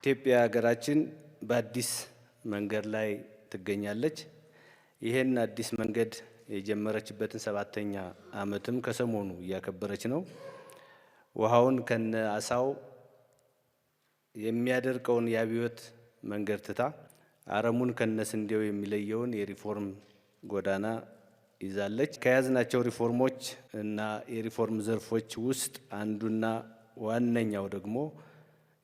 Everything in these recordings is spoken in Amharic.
ኢትዮጵያ ሀገራችን በአዲስ መንገድ ላይ ትገኛለች። ይህን አዲስ መንገድ የጀመረችበትን ሰባተኛ ዓመትም ከሰሞኑ እያከበረች ነው። ውሃውን ከነ አሳው የሚያደርቀውን የአብዮት መንገድ ትታ አረሙን ከነ ስንዴው የሚለየውን የሪፎርም ጎዳና ይዛለች። ከያዝናቸው ሪፎርሞች እና የሪፎርም ዘርፎች ውስጥ አንዱና ዋነኛው ደግሞ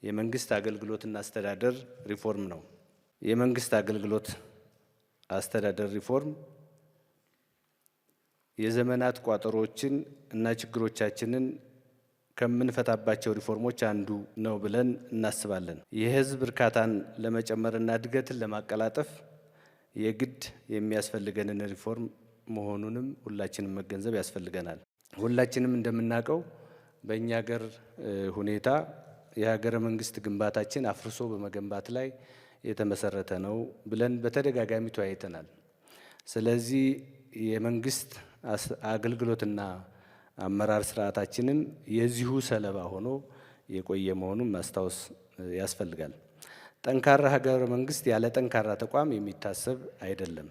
የመንግስት አገልግሎትና አስተዳደር ሪፎርም ነው። የመንግስት አገልግሎት አስተዳደር ሪፎርም የዘመናት ቋጠሮችን እና ችግሮቻችንን ከምንፈታባቸው ሪፎርሞች አንዱ ነው ብለን እናስባለን። የህዝብ እርካታን ለመጨመርና እድገትን ለማቀላጠፍ የግድ የሚያስፈልገንን ሪፎርም መሆኑንም ሁላችንም መገንዘብ ያስፈልገናል። ሁላችንም እንደምናውቀው በእኛ ገር ሁኔታ የሀገረ መንግስት ግንባታችን አፍርሶ በመገንባት ላይ የተመሰረተ ነው ብለን በተደጋጋሚ ተወያይተናል። ስለዚህ የመንግስት አገልግሎትና አመራር ስርዓታችንም የዚሁ ሰለባ ሆኖ የቆየ መሆኑን ማስታወስ ያስፈልጋል። ጠንካራ ሀገረ መንግስት ያለ ጠንካራ ተቋም የሚታሰብ አይደለም።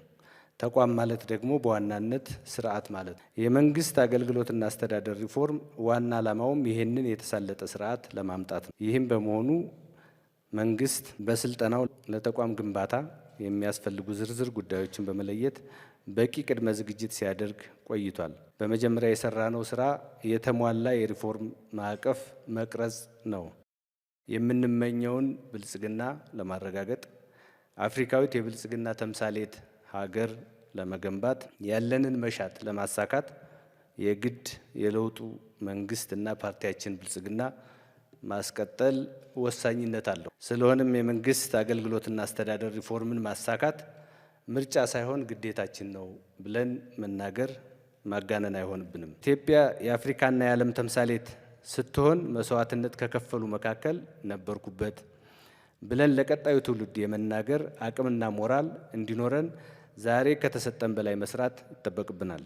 ተቋም ማለት ደግሞ በዋናነት ስርዓት ማለት ነው። የመንግስት አገልግሎትና አስተዳደር ሪፎርም ዋና ዓላማውም ይህንን የተሳለጠ ስርዓት ለማምጣት ነው። ይህም በመሆኑ መንግስት በስልጠናው ለተቋም ግንባታ የሚያስፈልጉ ዝርዝር ጉዳዮችን በመለየት በቂ ቅድመ ዝግጅት ሲያደርግ ቆይቷል። በመጀመሪያ የሰራነው ስራ የተሟላ የሪፎርም ማዕቀፍ መቅረጽ ነው። የምንመኘውን ብልጽግና ለማረጋገጥ አፍሪካዊት የብልጽግና ተምሳሌት ሀገር ለመገንባት ያለንን መሻት ለማሳካት የግድ የለውጡ መንግስትና ፓርቲያችን ብልጽግና ማስቀጠል ወሳኝነት አለው። ስለሆነም የመንግስት አገልግሎትና አስተዳደር ሪፎርምን ማሳካት ምርጫ ሳይሆን ግዴታችን ነው ብለን መናገር ማጋነን አይሆንብንም። ኢትዮጵያ የአፍሪካና የዓለም ተምሳሌት ስትሆን መስዋዕትነት ከከፈሉ መካከል ነበርኩበት ብለን ለቀጣዩ ትውልድ የመናገር አቅምና ሞራል እንዲኖረን ዛሬ ከተሰጠን በላይ መስራት ይጠበቅብናል።